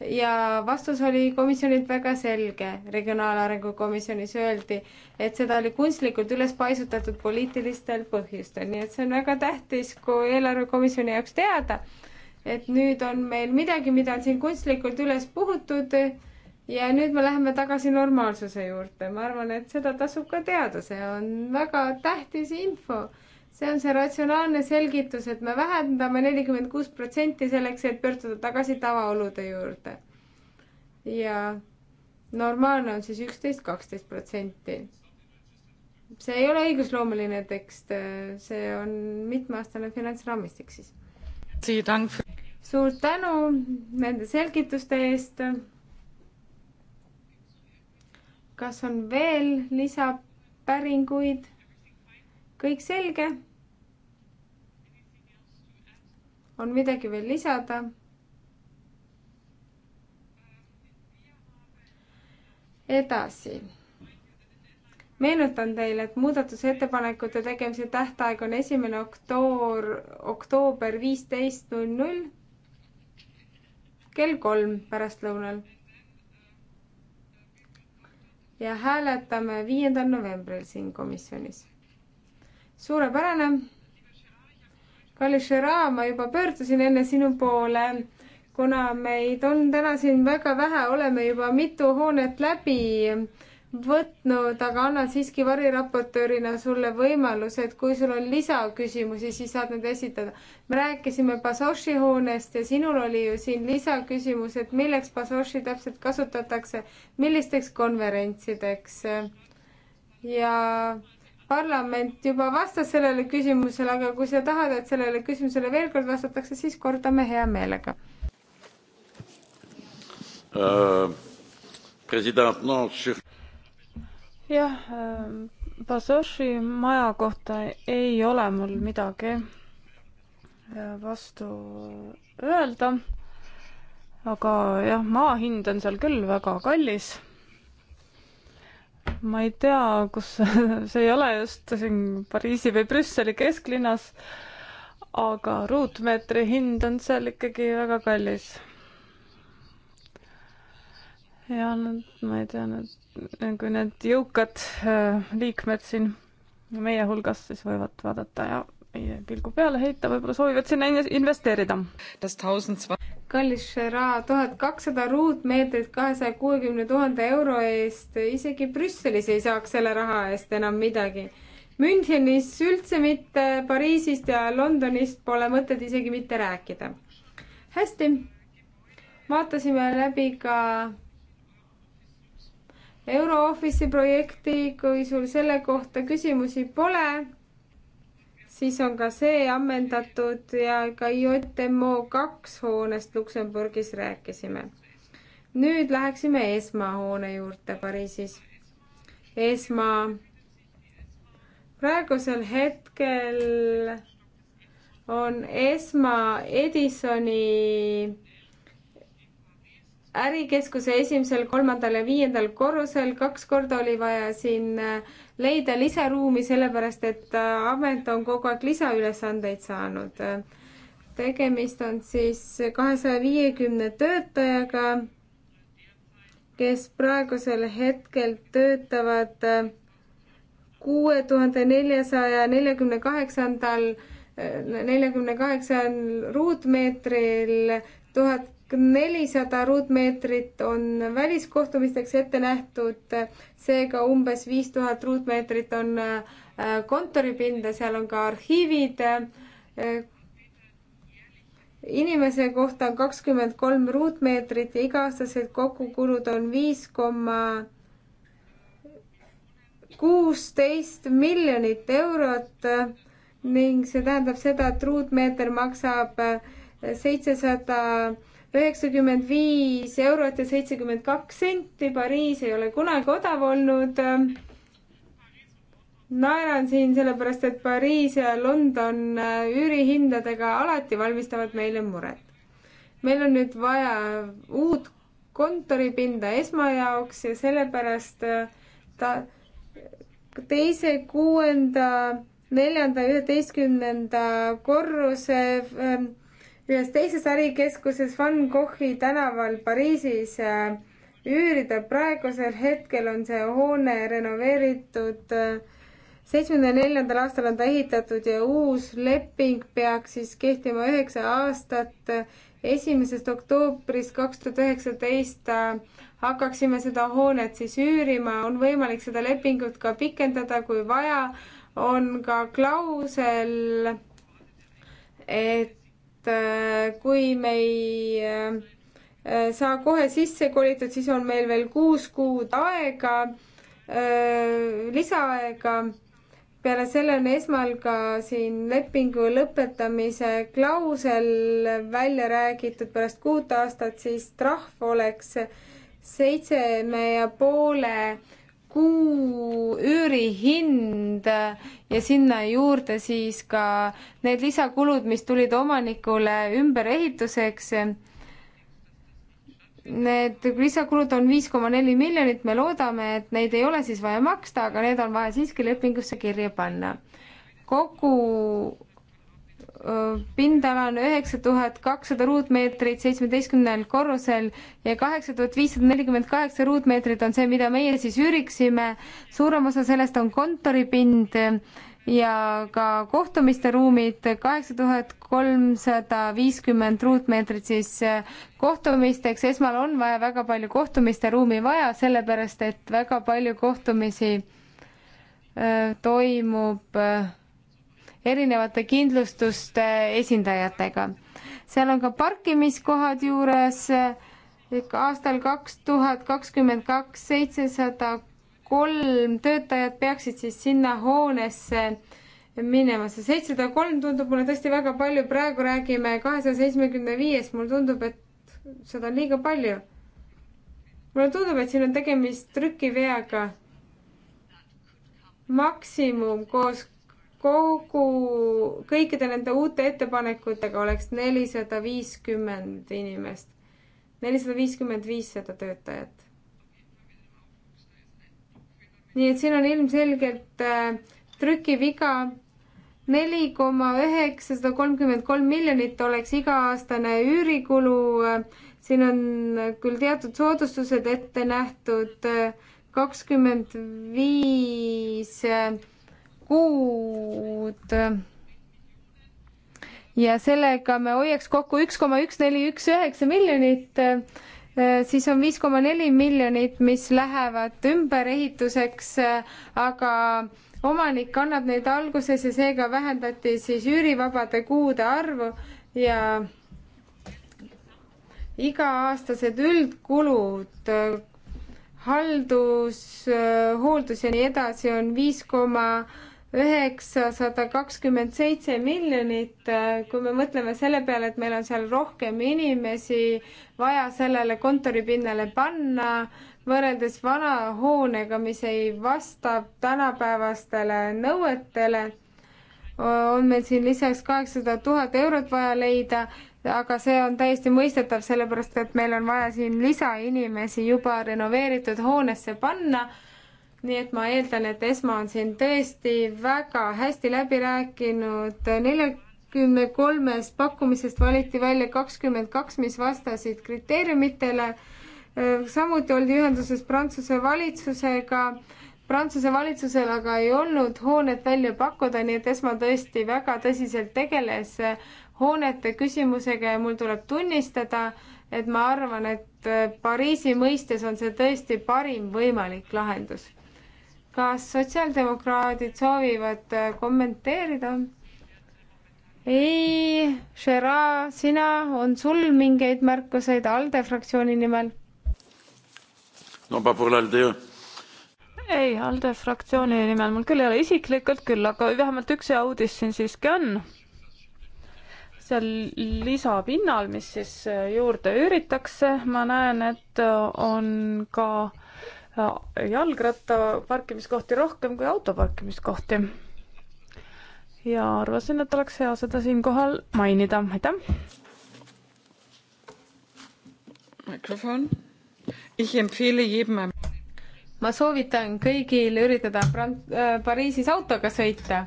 ja vastus oli komisjonilt väga selge. regionaalarengu komisjonis öeldi, et seda oli kunstlikult üles paisutatud poliitilistel põhjustel, nii et see on väga tähtis, kui eelarvekomisjoni jaoks teada, et nüüd on meil midagi, mida on siin kunstlikult üles puhutud ja nüüd me läheme tagasi normaalsuse juurde. ma arvan, et seda tasub ka teada, see on väga tähtis info see on see ratsionaalne selgitus, et me vähendame nelikümmend kuus protsenti selleks, et pöörduda tagasi tavaolude juurde. ja normaalne on siis üksteist, kaksteist protsenti. see ei ole õigusloomeline tekst, see on mitmeaastane finantsraamistik siis. suur tänu nende selgituste eest. kas on veel lisapäringuid? kõik selge? on midagi veel lisada? edasi. meenutan teile, et muudatusettepanekute tegemise tähtaeg on esimene oktoor, oktoober viisteist null null kell kolm pärastlõunal. ja hääletame viiendal novembril siin komisjonis. suurepärane kallis Žera, ma juba pöördusin enne sinu poole, kuna meid on täna siin väga vähe, oleme juba mitu hoonet läbi võtnud, aga annan siiski variraportöörina sulle võimaluse, et kui sul on lisaküsimusi, siis saad need esitada. me rääkisime Basoši hoonest ja sinul oli ju siin lisaküsimus, et milleks Basoši täpselt kasutatakse, millisteks konverentsideks ja parlament juba vastas sellele küsimusele, aga kui sa tahad, et sellele küsimusele veel kord vastatakse, siis kordame hea meelega uh,. president, no sure.. jah, äh, Basoši maja kohta ei ole mul midagi äh, vastu öelda. aga jah, maa hind on seal küll väga kallis ma ei tea, kus, see ei ole just siin Pariisi või Brüsseli kesklinnas, aga ruutmeetri hind on seal ikkagi väga kallis. ja nüüd ma ei tea, nüüd kui need jõukad äh, liikmed siin meie hulgas siis võivad vaadata ja pilgu peale heita, võib-olla soovivad sinna investeerida kallis Shara, tuhat kakssada ruutmeetrit kahesaja kuuekümne tuhande euro eest, isegi Brüsselis ei saaks selle raha eest enam midagi. Münchenis üldse mitte, Pariisist ja Londonist pole mõtet isegi mitte rääkida. hästi, vaatasime läbi ka Euro Office'i projekti, kui sul selle kohta küsimusi pole siis on ka see ammendatud ja ka JMO kaks hoonest Luksemburgis rääkisime. nüüd läheksime ESMA hoone juurde Pariisis. ESMA praegusel hetkel on ESMA Edisoni ärikeskuse esimesel, kolmandal ja viiendal korrusel, kaks korda oli vaja siin äh, leida lisaruumi, sellepärast et äh, amet on kogu aeg lisaülesandeid saanud. tegemist on siis kahesaja viiekümne töötajaga, kes praegusel hetkel töötavad äh, kuue tuhande neljasaja neljakümne kaheksandal, neljakümne kaheksal ruutmeetril tuhat nelisada ruutmeetrit on väliskohtumisteks ette nähtud, seega umbes viis tuhat ruutmeetrit on äh, kontoripinda, seal on ka arhiivid. inimese kohta on kakskümmend kolm ruutmeetrit ja iga-aastased kokkukulud on viis koma kuusteist miljonit eurot ning see tähendab seda, et ruutmeeter maksab äh, seitsesada 700 üheksakümmend viis eurot ja seitsekümmend kaks senti. Pariis ei ole kunagi odav olnud. naeran siin sellepärast, et Pariis ja London üürihindadega alati valmistavad meile muret. meil on nüüd vaja uut kontoripinda esma jaoks ja sellepärast ta teise, kuuenda, neljanda, üheteistkümnenda korruse äh, ühes teises ärikeskuses Van Goghi tänaval Pariisis äh, üürida. praegusel hetkel on see hoone renoveeritud. Äh, seitsmekümne neljandal aastal on ta ehitatud ja uus leping peaks siis kehtima üheksa aastat. esimesest oktoobrist kaks tuhat üheksateist äh, hakkaksime seda hoonet siis üürima, on võimalik seda lepingut ka pikendada, kui vaja. on ka klausel, et Äh, kui me ei äh, äh, saa kohe sisse kolitud, siis on meil veel kuus kuud aega, lisaaega. peale selle on esmal ka siin lepingu lõpetamise klausel välja räägitud, pärast kuut aastat siis trahv oleks seitseme ja poole kuu üürihind ja sinna juurde siis ka need lisakulud, mis tulid omanikule ümberehituseks. Need lisakulud on viis koma neli miljonit, me loodame, et neid ei ole siis vaja maksta, aga need on vaja siiski lepingusse kirja panna. kogu pindala on üheksa tuhat kakssada ruutmeetrit seitsmeteistkümnel korrusel ja kaheksa tuhat viissada nelikümmend kaheksa ruutmeetrit on see, mida meie siis üüriksime. suurem osa sellest on kontoripind ja ka kohtumiste ruumid, kaheksa tuhat kolmsada viiskümmend ruutmeetrit siis kohtumisteks. esmal on vaja väga palju kohtumiste ruumi vaja, sellepärast et väga palju kohtumisi äh, toimub äh, erinevate kindlustuste esindajatega. seal on ka parkimiskohad juures, aastal kaks tuhat kakskümmend kaks seitsesada kolm töötajat peaksid siis sinna hoonesse minema, see seitsesada kolm tundub mulle tõesti väga palju, praegu räägime kahesaja seitsmekümne viiest, mulle tundub, et seda on liiga palju. mulle tundub, et siin on tegemist trükiveaga maksimum koos kogu, kõikide nende uute ettepanekutega oleks nelisada viiskümmend inimest, nelisada viiskümmend viissada töötajat. nii et siin on ilmselgelt äh, trükiviga neli koma üheksasada kolmkümmend kolm miljonit oleks iga-aastane üürikulu. siin on küll teatud soodustused ette nähtud äh, kakskümmend viis äh, kuud. ja sellega me hoiaks kokku üks koma üks neli üks üheksa miljonit, siis on viis koma neli miljonit, mis lähevad ümberehituseks, aga omanik annab neid alguses ja seega vähendati siis üürivabade kuude arvu ja iga-aastased üldkulud, haldus, hooldus ja nii edasi on viis koma üheksasada kakskümmend seitse miljonit, kui me mõtleme selle peale, et meil on seal rohkem inimesi vaja sellele kontoripinnale panna, võrreldes vana hoonega, mis ei vasta tänapäevastele nõuetele, on meil siin lisaks kaheksasada tuhat eurot vaja leida, aga see on täiesti mõistetav, sellepärast et meil on vaja siin lisainimesi juba renoveeritud hoonesse panna nii et ma eeldan, et ESMA on siin tõesti väga hästi läbi rääkinud, neljakümne kolmest pakkumisest valiti välja kakskümmend kaks, mis vastasid kriteeriumitele, samuti oldi ühenduses Prantsuse valitsusega, Prantsuse valitsusel aga ei olnud hoonet välja pakkuda, nii et ESMA tõesti väga tõsiselt tegeles hoonete küsimusega ja mul tuleb tunnistada, et ma arvan, et Pariisi mõistes on see tõesti parim võimalik lahendus kas sotsiaaldemokraadid soovivad äh, kommenteerida? ei, Shera, sina, on sul mingeid märkuseid ALDE fraktsiooni nimel? no ma pole ALDE. ei, ALDE fraktsiooni nimel mul küll ei ole isiklikult küll, aga vähemalt üks hea uudis siin siiski on. seal lisapinnal, mis siis äh, juurde üüritakse, ma näen, et äh, on ka äh, jalgratta parkimiskohti rohkem kui auto parkimiskohti. ja arvasin, et oleks hea seda siinkohal mainida, aitäh. mikrofon. Ich empfehle jedem ma soovitan kõigil üritada Prant- äh,, Pariisis autoga sõita.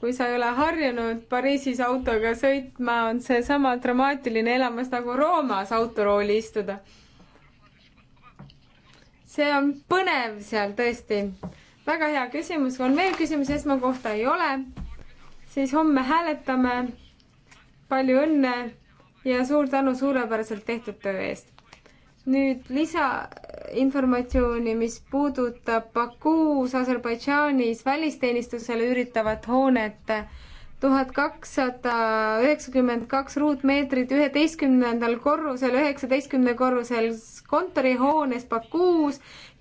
kui sa ei ole harjunud Pariisis autoga sõitma, on seesama dramaatiline elamus nagu Roomas autorooli istuda see on põnev seal tõesti. väga hea küsimus, on veel küsimusi, esmakohta ei ole. siis homme hääletame. palju õnne ja suur tänu suurepäraselt tehtud töö eest. nüüd lisainformatsiooni, mis puudutab Bakuus Aserbaidžaanis välisteenistusele üritavat hoonet tuhat kakssada üheksakümmend kaks ruutmeetrit üheteistkümnendal korrusel, üheksateistkümne korrusel kontorihoonest Bakuus.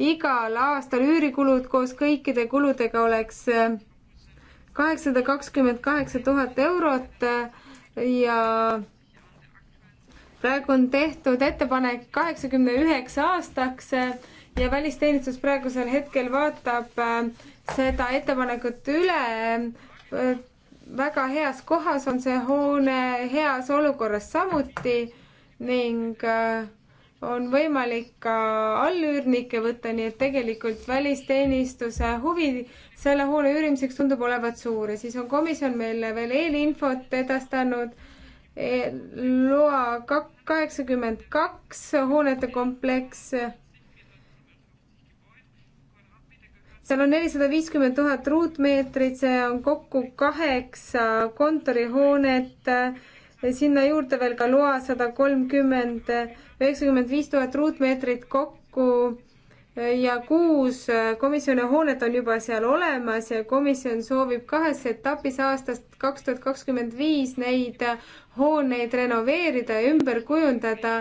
igal aastal üürikulud koos kõikide kuludega oleks äh, kaheksasada kakskümmend kaheksa tuhat eurot äh, ja praegu on tehtud ettepanek kaheksakümne üheksa aastaks äh, ja välisteenistus praegusel hetkel vaatab seda ettepanekut üle. väga heas kohas on see hoone, heas olukorras samuti ning äh, on võimalik ka allüürnikke võtta, nii et tegelikult välisteenistuse huvi selle hoone üürimiseks tundub olevat suur ja siis on komisjon meile veel eelinfot edastanud e. loa kaheksakümmend kaks hoonete kompleks. seal on nelisada viiskümmend tuhat ruutmeetrit, see on kokku kaheksa kontorihoonet, sinna juurde veel ka loa sada kolmkümmend üheksakümmend viis tuhat ruutmeetrit kokku ja kuus komisjoni hoonet on juba seal olemas ja komisjon soovib kahes etapis aastast kaks tuhat kakskümmend viis neid hooneid renoveerida ja ümber kujundada.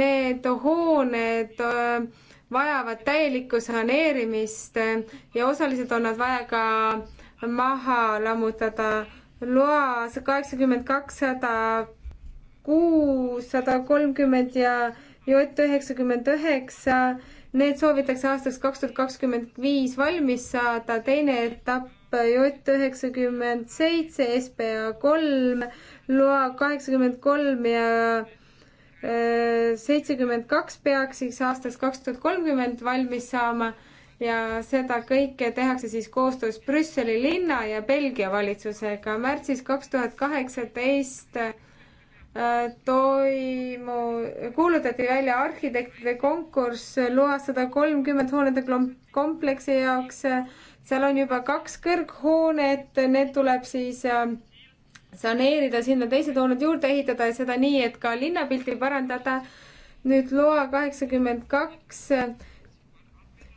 Need hooned äh, vajavad täielikku saneerimist ja osaliselt on nad vaja ka maha lammutada. loa kaheksakümmend kakssada kuussada kolmkümmend ja Jott üheksakümmend üheksa, need soovitakse aastaks kaks tuhat kakskümmend viis valmis saada, teine etapp Jott üheksakümmend seitse, SBA kolm, loa kaheksakümmend kolm ja äh, seitsekümmend kaks peaks siis aastaks kaks tuhat kolmkümmend valmis saama ja seda kõike tehakse siis koostöös Brüsseli linna ja Belgia valitsusega. märtsis kaks tuhat kaheksateist Äh, toimu, kuulutati välja arhitektide konkurss loas sada kolmkümmend hoonete kompleksi jaoks. seal on juba kaks kõrghoonet, need tuleb siis äh, saneerida, sinna teised hooned juurde ehitada ja seda nii, et ka linnapilti parandada. nüüd loa kaheksakümmend kaks,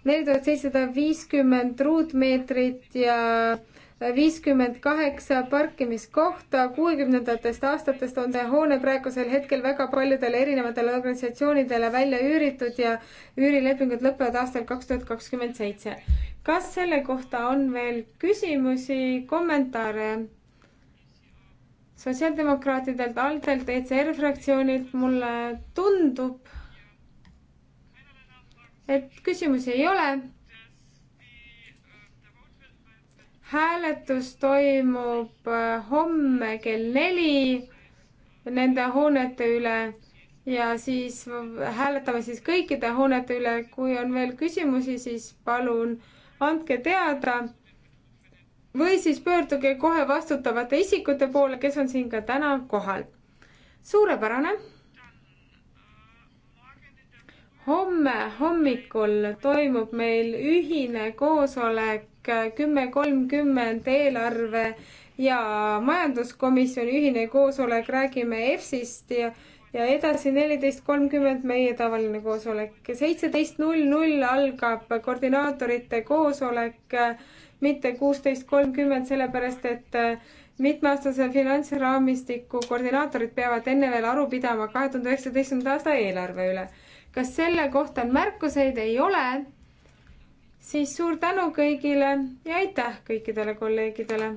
neli tuhat seitsesada viiskümmend ruutmeetrit ja viiskümmend kaheksa parkimiskohta. kuuekümnendatest aastatest on see hoone praegusel hetkel väga paljudele erinevatele organisatsioonidele välja üüritud ja üürilepingud lõpevad aastal kaks tuhat kakskümmend seitse. kas selle kohta on veel küsimusi, kommentaare? sotsiaaldemokraatidelt, Altelt, ECR fraktsioonilt mulle tundub, et küsimusi ei ole hääletus toimub äh, homme kell neli nende hoonete üle ja siis hääletame siis kõikide hoonete üle. kui on veel küsimusi, siis palun andke teada või siis pöörduge kohe vastutavate isikute poole, kes on siin ka täna kohal. suurepärane. homme hommikul toimub meil ühine koosolek Äh, kümme kolmkümmend eelarve ja majanduskomisjoni ühine koosolek, räägime EFSist ja, ja edasi neliteist kolmkümmend meie tavaline koosolek. seitseteist null null algab koordinaatorite koosolek, mitte kuusteist kolmkümmend, sellepärast et äh, mitmeaastase finantsraamistiku koordinaatorid peavad enne veel aru pidama kahe tuhande üheksateistkümnenda aasta eelarve üle. kas selle kohta on märkuseid? ei ole siis suur tänu kõigile ja aitäh kõikidele kolleegidele.